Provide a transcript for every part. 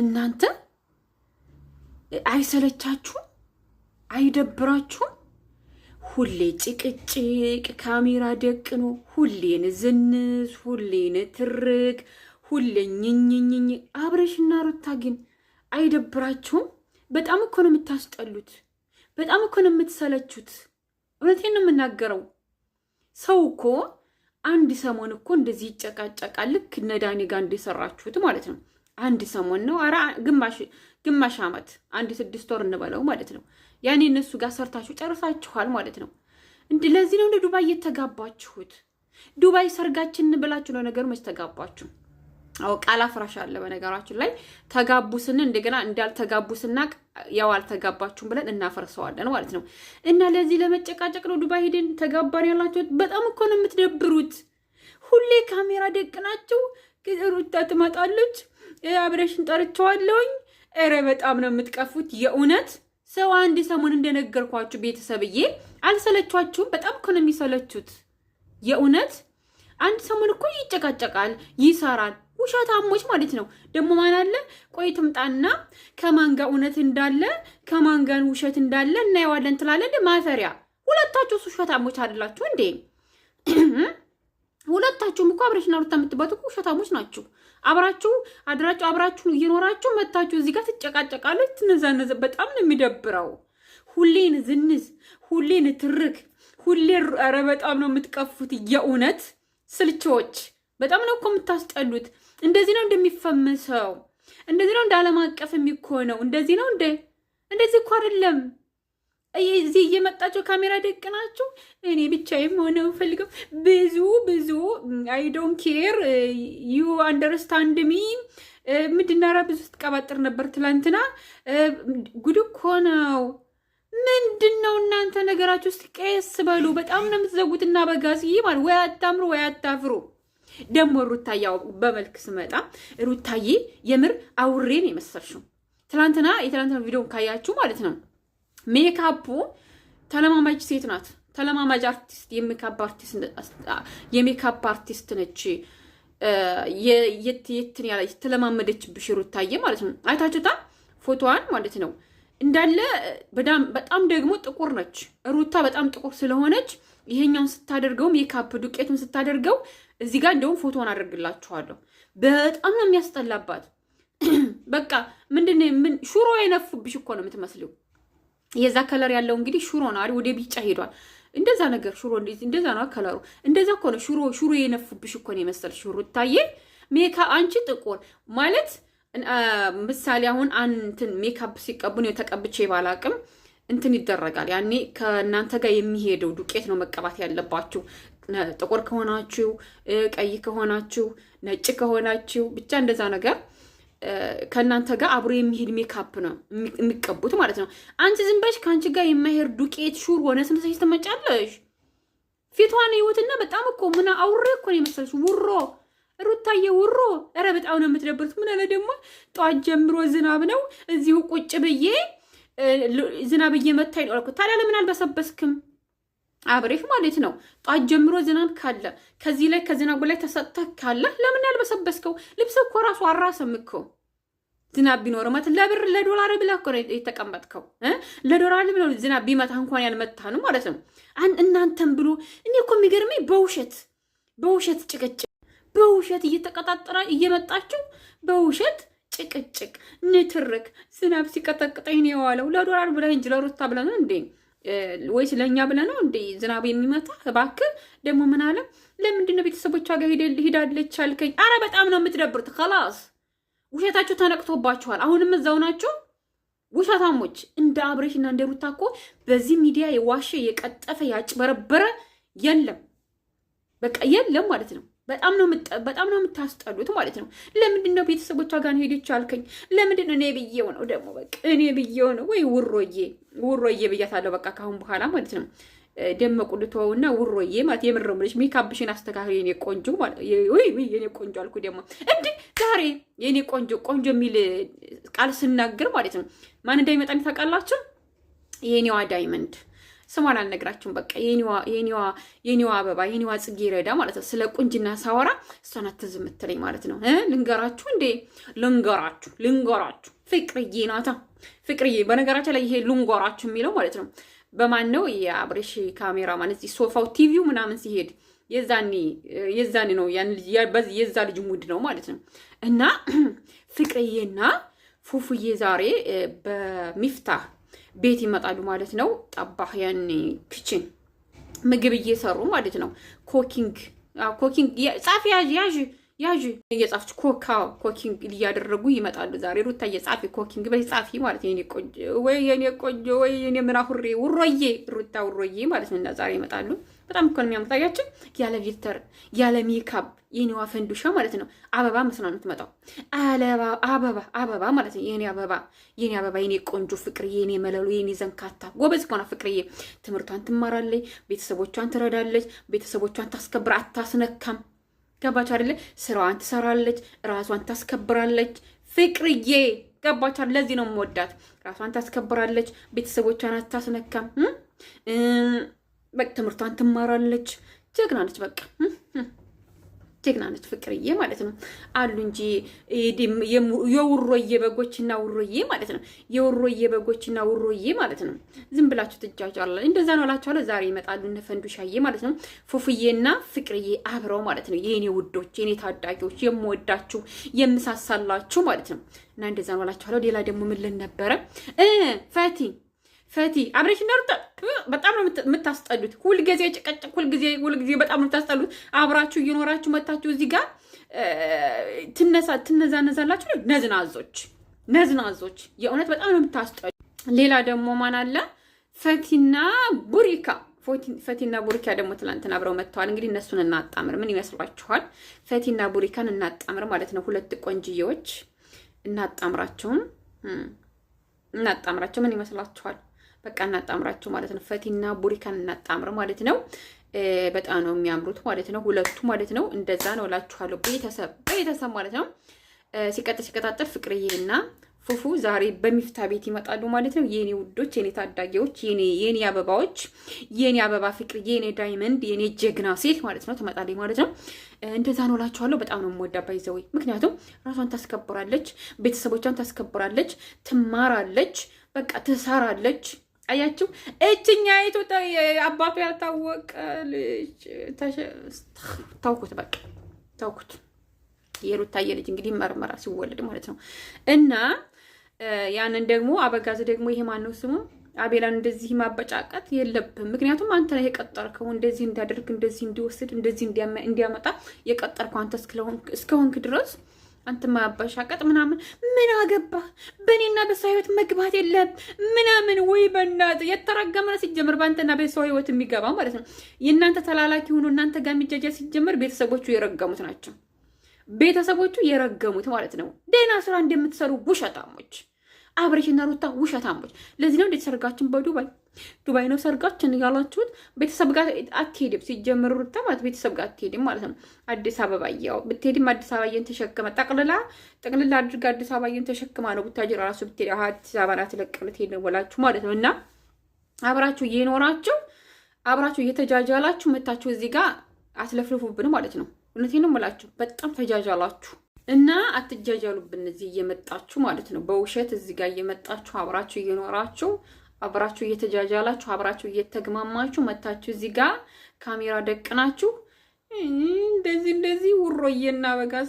እናንተ አይሰለቻችሁም? አይደብራችሁም? ሁሌ ጭቅጭቅ፣ ካሜራ ደቅኖ ሁሌን ዝንዝ፣ ሁሌን ትርክ፣ ሁሌ ኝኝኝኝ። አብረሽና ሩታ ግን አይደብራችሁም? በጣም እኮ ነው የምታስጠሉት። በጣም እኮ ነው የምትሰለቹት። እውነቴን ነው የምናገረው። ሰው እኮ አንድ ሰሞን እኮ እንደዚህ ይጨቃጨቃል። ልክ እነ ዳኒ ጋር እንደሰራችሁት ማለት ነው። አንድ ሰሞን ነው አራ ግማሽ አመት አንድ ስድስት ወር እንበለው ማለት ነው። ያኔ እነሱ ጋር ሰርታችሁ ጨርሳችኋል ማለት ነው። እንዲ ለዚህ ነው እንደ ዱባይ የተጋባችሁት። ዱባይ ሰርጋችን ብላችሁ ነው ነገሩ። መች ተጋባችሁ? አዎ ቃል አፍራሽ አለ። በነገራችን ላይ ተጋቡ ስንል እንደገና እንዳልተጋቡ ስናቅ ያው አልተጋባችሁም ብለን እናፈርሰዋለን ማለት ነው። እና ለዚህ ለመጨቃጨቅ ነው ዱባይ ሄደን ተጋባን ያላችሁት። በጣም እኮ ነው የምትደብሩት። ሁሌ ካሜራ ደቅናችሁ ሩታ ትመጣለች። አብሬሽን ጠርቸዋለሁኝ። ኧረ በጣም ነው የምትቀፉት የእውነት ሰው አንድ ሰሞን እንደነገርኳችሁ ቤተሰብዬ አልሰለቻችሁም? በጣም እኮ ነው የሚሰለቹት የእውነት አንድ ሰሞን እኮ ይጨቃጨቃል፣ ይሰራል። ውሸታሞች ማለት ነው። ደግሞ ማን አለ ቆይ ትምጣና ከማንጋ እውነት እንዳለ ከማንጋን ውሸት እንዳለ እናየዋለን ትላለን። ማፈሪያ! ሁለታችሁ ውሸታሞች አይደላችሁ እንዴ? ሁለታችሁም እኮ አብሬሽና ሩታ የምትባት እኮ ውሸታሞች ናችሁ። አብራችሁ አድራችሁ አብራችሁ እየኖራችሁ መታችሁ እዚህ ጋር ትጨቃጨቃለች፣ ትነዛነዘ። በጣም ነው የሚደብረው። ሁሌን ዝንዝ፣ ሁሌን ትርክ፣ ሁሌ ኧረ በጣም ነው የምትቀፉት። የእውነት ስልቾች በጣም ነው እኮ የምታስጠሉት። እንደዚህ ነው እንደሚፈመሰው፣ እንደዚህ ነው እንደ ዓለም አቀፍ የሚኮነው፣ እንደዚህ ነው እንደ እንደዚህ እኮ አይደለም። እዚህ እየመጣቸው ካሜራ ደቅ ናቸው። እኔ ብቻ ሆነ ፈልገው ብዙ ብዙ አይ ዶን ኬር ዩ አንደርስታንድ ሚ ምድናራ ብዙ ስትቀባጥር ነበር ትላንትና። ጉድ እኮ ነው። ምንድን ነው እናንተ ነገራችሁ? ውስጥ ቀስ በሉ። በጣም ነው የምትዘጉትና እና በጋዝዬ ማለት ወይ አታምሩ ወይ አታፍሩ። ደግሞ ሩታያው በመልክ ስመጣ ሩታዬ የምር አውሬን የመሰልሽው ትላንትና የትላንትና ቪዲዮን ካያችሁ ማለት ነው ሜካፑ ተለማማጅ ሴት ናት። ተለማማጅ አርቲስት የሜካፕ አርቲስት ነች። የትን ያላ የተለማመደችብሽ ሩታዬ ማለት ነው። አይታችሁታል ፎቶዋን ማለት ነው እንዳለ በጣም ደግሞ ጥቁር ነች ሩታ። በጣም ጥቁር ስለሆነች ይሄኛውን ስታደርገው ሜካፕ ዱቄቱን ስታደርገው እዚህ ጋር እንደውም ፎቶን አደርግላችኋለሁ። በጣም ነው የሚያስጠላባት። በቃ ምንድን ሹሮ የነፉብሽ እኮ ነው የምትመስለው። የዛ ከለር ያለው እንግዲህ ሹሮ ነው አይደል? ወደ ቢጫ ሄዷል። እንደዛ ነገር ሹሮ እንደዛ ነው ከለሩ። እንደዛ እኮ ነው ሹሮ ሹሮ የነፉብሽ እኮ ነው የመሰል ሹሮ ታየ ሜካ አንቺ ጥቁር ማለት ምሳሌ አሁን አንትን ሜካፕ ሲቀቡ ነው ተቀብቼ ባላቅም እንትን ይደረጋል። ያኔ ከእናንተ ጋር የሚሄደው ዱቄት ነው መቀባት ያለባችሁ። ጥቁር ከሆናችሁ፣ ቀይ ከሆናችሁ፣ ነጭ ከሆናችሁ ብቻ እንደዛ ነገር ከእናንተ ጋር አብሮ የሚሄድ ሜካፕ ነው የሚቀቡት ማለት ነው። አንቺ ዝም በሽ ከአንቺ ጋር የማይሄድ ዱቄት ሹር ሆነ ስንሰሽ ትመጫለሽ። ፊቷን ህይወትና በጣም እኮ ምን አውሬ እኮ ነው የመሰለሽ ውሮ ሩታዬ ውሮ ኧረ በጣም ነው የምትደብሩት። ምን አለ ደግሞ ጠዋት ጀምሮ ዝናብ ነው እዚሁ ቁጭ ብዬ ዝናብ እየመታኝ ነው አልኩት። ታዲያ ለምን አልበሰበስክም? አብሬሽ ማለት ነው ጧት ጀምሮ ዝናብ ካለ ከዚህ ላይ ከዝናቡ ላይ ተሰጥተህ ካለ ለምን ያልበሰበስከው ልብስ እኮ ራሱ አራሰም እኮ ዝናብ ቢኖር ማለት ለብር ለዶላር ብለህ እኮ ነው የተቀመጥከው። ለዶላር ብለህ ዝናብ ቢመታ እንኳን ያልመታ ነው ማለት ነው። እናንተን ብሎ እኔ እኮ የሚገርመኝ በውሸት በውሸት ጭቅጭቅ በውሸት እየተቀጣጠረ እየመጣችሁ በውሸት ጭቅጭቅ፣ ንትርክ ዝናብ ሲቀጠቅጠኝ ነው የዋለው ለዶላር ብለህ እንጂ ለሩታ ብለህ ነው እንዴ? ወይስ ለእኛ ብለህ ነው እንዴ ዝናብ የሚመታ? እባክህ ደግሞ ምን አለ? ለምንድን ነው ቤተሰቦቿ ጋር ሄዳለች አልከኝ? አረ በጣም ነው የምትደብርት። ከላስ ውሸታችሁ ተነቅቶባችኋል። አሁንም እዛው ናችሁ ውሸታሞች። እንደ አብሬሽ እና እንደ ሩታ እኮ በዚህ ሚዲያ የዋሸ የቀጠፈ ያጭበረበረ የለም፣ በቃ የለም ማለት ነው። በጣም ነው በጣም ነው የምታስጠሉት ማለት ነው። ለምንድን ነው ቤተሰቦቿ ጋር ሄደች አልከኝ? ለምንድን ነው እኔ ብዬው ነው ደግሞ በቃ እኔ ብዬው ነው ወይ ውሮዬ ውሮዬ ብያታለሁ። በቃ ካሁን በኋላ ማለት ነው ደመቁ ልትወው ልትወውና ውሮዬ ማለት የምረሙ ልጅ ሜካፕሽን አስተካክል የኔ ቆንጆ ማለት ወይ የኔ ቆንጆ አልኩ ደግሞ እንዲ ዛሬ የኔ ቆንጆ ቆንጆ የሚል ቃል ስናገር ማለት ነው ማን እንዳይመጣ ታውቃላችሁ? የኔዋ ዳይመንድ ስሟን አልነግራችሁም። በቃ የኒዋ አበባ የኒዋ ጽጌረዳ ማለት ነው። ስለ ቁንጅና ሳወራ እሷን አትዝ የምትለኝ ማለት ነው። ልንገራችሁ እንዴ ልንገራችሁ ልንገራችሁ፣ ፍቅርዬ ናታ ፍቅርዬ። በነገራችን ላይ ይሄ ልንጎራችሁ የሚለው ማለት ነው በማን ነው? የአብሬሽ ካሜራ ማለት ሶፋው ቲቪው ምናምን ሲሄድ የዛኔ ነው የዛ ልጅ ሙድ ነው ማለት ነው። እና ፍቅርዬና ፉፉዬ ዛሬ በሚፍታህ ቤት ይመጣሉ ማለት ነው። ጠባህ ያኔ ክችን ምግብ እየሰሩ ማለት ነው። ኮኪንግ ኮኪንግ ጻፊ ያዥ ያዥ እየጻፍች ኮካ ኮኪንግ እያደረጉ ይመጣሉ። ዛሬ ሩታ እየጻፊ ኮኪንግ በይ ጻፊ ማለት የኔ ቆንጆ ወይ የኔ ቆንጆ ወይ የኔ ምናሁሬ ውሮዬ ሩታ ውሮዬ ማለት ነው። እና ዛሬ ይመጣሉ። በጣም እኮ ነው የሚያምታያችን። ያለ ቪልተር ያለ ሜካፕ የኔዋ ፈንዱሻ ማለት ነው። አበባ መስላ ነው የምትመጣው። አበባ አበባ ማለት ነው። የኔ አበባ የኔ አበባ የኔ ቆንጆ ፍቅር የኔ መለሉ፣ የኔ ዘንካታ ጎበዝ ከሆነ ፍቅርዬ ትምህርቷን ትማራለች፣ ቤተሰቦቿን ትረዳለች፣ ቤተሰቦቿን ታስከብር፣ አታስነካም ገባች አይደለ? ስራዋን ትሰራለች፣ ራሷን ታስከብራለች። ፍቅርዬ ገባች አይደል? ለዚህ ነው የምወዳት። ራሷን ታስከብራለች፣ ቤተሰቦቿን አታስነካም። በቃ ትምህርቷን ትማራለች። ጀግና ነች በቃ ጀግና ነች ፍቅርዬ ማለት ነው አሉ እንጂ የውሮዬ በጎችና ውሮዬ ማለት ነው። የውሮዬ በጎችና ውሮዬ ማለት ነው። ዝም ብላችሁ ትጃጃላ። እንደዛ ነው ላቸኋለ ዛሬ ይመጣሉ እነ ማለት ነው፣ ፉፉዬና ፍቅርዬ አብረው ማለት ነው። የኔ ውዶች፣ የኔ ታዳጊዎች፣ የምወዳችሁ የምሳሳላችሁ ማለት ነው። እና እንደዛ ነው ላቸኋለ ሌላ ደግሞ ምን ልን ነበረ ፈቲ ፈቲ አብረሽ እና በጣም ነው የምታስጠሉት። ሁልጊዜ ጭቅጭቅ፣ ሁልጊዜ ሁልጊዜ በጣም ነው የምታስጠሉት። አብራችሁ እየኖራችሁ መታችሁ እዚህ ጋር ትነዛነዛላችሁ። ነዝናዞች ነዝናዞች፣ የእውነት በጣም ነው የምታስጠሉ። ሌላ ደግሞ ማን አለ? ፈቲና ቡሪካ ፈቲና ቡሪካ ደግሞ ትናንትና አብረው መጥተዋል። እንግዲህ እነሱን እናጣምር። ምን ይመስሏችኋል? ፈቲና ቡሪካን እናጣምር ማለት ነው። ሁለት ቆንጅዬዎች እናጣምራቸውም እናጣምራቸው። ምን ይመስላችኋል? በቃ እናጣምራቸው ማለት ነው። ፈቲና ቡሪካን እናጣምር ማለት ነው። በጣም ነው የሚያምሩት ማለት ነው። ሁለቱ ማለት ነው። እንደዛ ነው እላችኋለሁ። ቤተሰብ ቤተሰብ ማለት ነው። ሲቀጥል ሲቀጣጠል ፍቅርዬና ፉፉ ዛሬ በሚፍታ ቤት ይመጣሉ ማለት ነው። የኔ ውዶች፣ የኔ ታዳጊዎች፣ የኔ አበባዎች፣ የኔ አበባ ፍቅር፣ የኔ ዳይመንድ፣ የኔ ጀግና ሴት ማለት ነው ትመጣለች ማለት ነው። እንደዛ ነው እላችኋለሁ። በጣም ነው የምወዳ ባይዘወይ፣ ምክንያቱም ራሷን ታስከብራለች፣ ቤተሰቦቿን ታስከብራለች፣ ትማራለች፣ በቃ ትሰራለች። አያችሁ፣ እችኛይቱ አባቱ ያልታወቀ ልጅ ተውኩት፣ በቃ ተውኩት። የሩታዬ ልጅ እንግዲህ መርመራ ሲወለድ ማለት ነው። እና ያንን ደግሞ አበጋዝ ደግሞ ይሄ ነው ስሙ አቤላን እንደዚህ ማበጫቀት የለብም። ምክንያቱም አንተ ነህ የቀጠርከው እንደዚህ እንዲያደርግ፣ እንደዚህ እንዲወስድ፣ እንደዚህ እንዲያመጣ የቀጠርከው አንተ እስከሆንክ ድረስ አንተ ማበሻቀጥ ምናምን ምን አገባ በእኔና በሰው ህይወት መግባት የለም ምናምን። ወይ በእናት የተረገመ ሲጀምር በአንተና በሰው ህይወት የሚገባ ማለት ነው። የእናንተ ተላላኪ ሆኖ እናንተ ጋር የሚጃጃ ሲጀምር ቤተሰቦቹ የረገሙት ናቸው። ቤተሰቦቹ የረገሙት ማለት ነው። ደህና ስራ እንደምትሰሩ ውሸጣሞች አብሬሽና ሩታ ውሸታሞች። ለዚህ ነው እንደተሰርጋችን በዱባይ ዱባይ ነው ሰርጋችን እያላችሁት ቤተሰብ ጋር አትሄድም ሲጀምሩ ሩታ ማለት ቤተሰብ ጋር አትሄድም ማለት ነው። አዲስ አበባ ያው ብትሄድም አዲስ አበባዬን ተሸክመ ጠቅልላ ጠቅልላ አድርጋ አዲስ አበባዬን ተሸክማ ነው ብታጅር ራሱ ብትሄድ አዲስ አበባ ናት ለቅ ልትሄድ ነው ብላችሁ ማለት ነው። እና አብራችሁ እየኖራችሁ አብራችሁ እየተጃጃላችሁ መታችሁ እዚህ ጋር አትለፍልፉብን ማለት ነው። እውነቴን ነው የምላችሁ። በጣም ተጃጃላችሁ። እና አትጃጃሉብን። እዚህ እየመጣችሁ ማለት ነው በውሸት እዚህ ጋር እየመጣችሁ አብራችሁ እየኖራችሁ አብራችሁ እየተጃጃላችሁ አብራችሁ እየተግማማችሁ መታችሁ እዚህ ጋር ካሜራ ደቅናችሁ እንደዚህ እንደዚህ ውሮዬና በጋዝ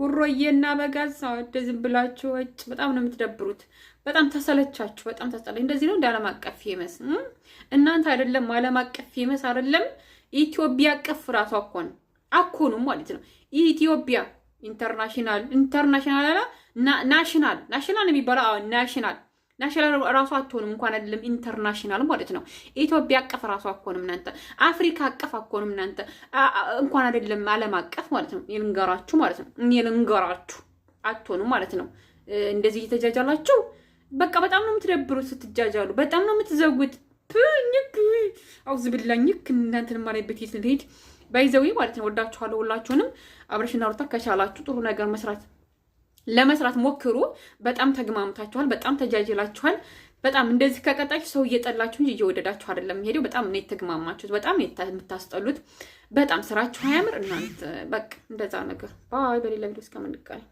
ጉሮዬና በጋዝ እንደዚህ ብላችሁ ወጭ። በጣም ነው የምትደብሩት። በጣም ተሰለቻችሁ። በጣም ተሰለ። እንደዚህ ነው እንደ ዓለም አቀፍ ፌመስ እናንተ አይደለም ዓለም አቀፍ ፌመስ አይደለም ኢትዮጵያ አቀፍ ራሷ አኮን አኮኑም ማለት ነው ኢትዮጵያ ኢንተርናሽናል ኢንተርናሽናል አለ ናሽናል ናሽናል የሚባለው ናሽናል ናሽናል ራሱ አትሆንም እንኳን አይደለም ኢንተርናሽናል ማለት ነው። ኢትዮጵያ አቀፍ ራሱ አትሆንም እናንተ አፍሪካ አቀፍ አትሆንም እናንተ እንኳን አይደለም ዓለም አቀፍ ማለት ነው። የልንገራችሁ ማለት ነው። እኔ ልንገራችሁ አትሆንም ማለት ነው። እንደዚህ እየተጃጃላችሁ በቃ በጣም ነው የምትደብሩት። ስትጃጃሉ በጣም ነው የምትዘጉት። ፕኝክ ኝክ አውዝ ብላኝክ እናንተን ማለት የት ልሄድ ባይዘዊ ማለት ነው። ወዳችኋለሁ ሁላችሁንም። አብረሽና ሩታ ከቻላችሁ ጥሩ ነገር መስራት ለመስራት ሞክሩ። በጣም ተግማምታችኋል፣ በጣም ተጃጅላችኋል። በጣም እንደዚህ ከቀጣችሁ ሰው እየጠላችሁ እንጂ እየወደዳችሁ አይደለም ሄደው። በጣም ነው የተግማማችሁት፣ በጣም የምታስጠሉት፣ በጣም ስራችሁ አያምር። እናንተ በቃ እንደዛ ነገር ባይ። በሌላ ቪዲዮ እስከምንገናኝ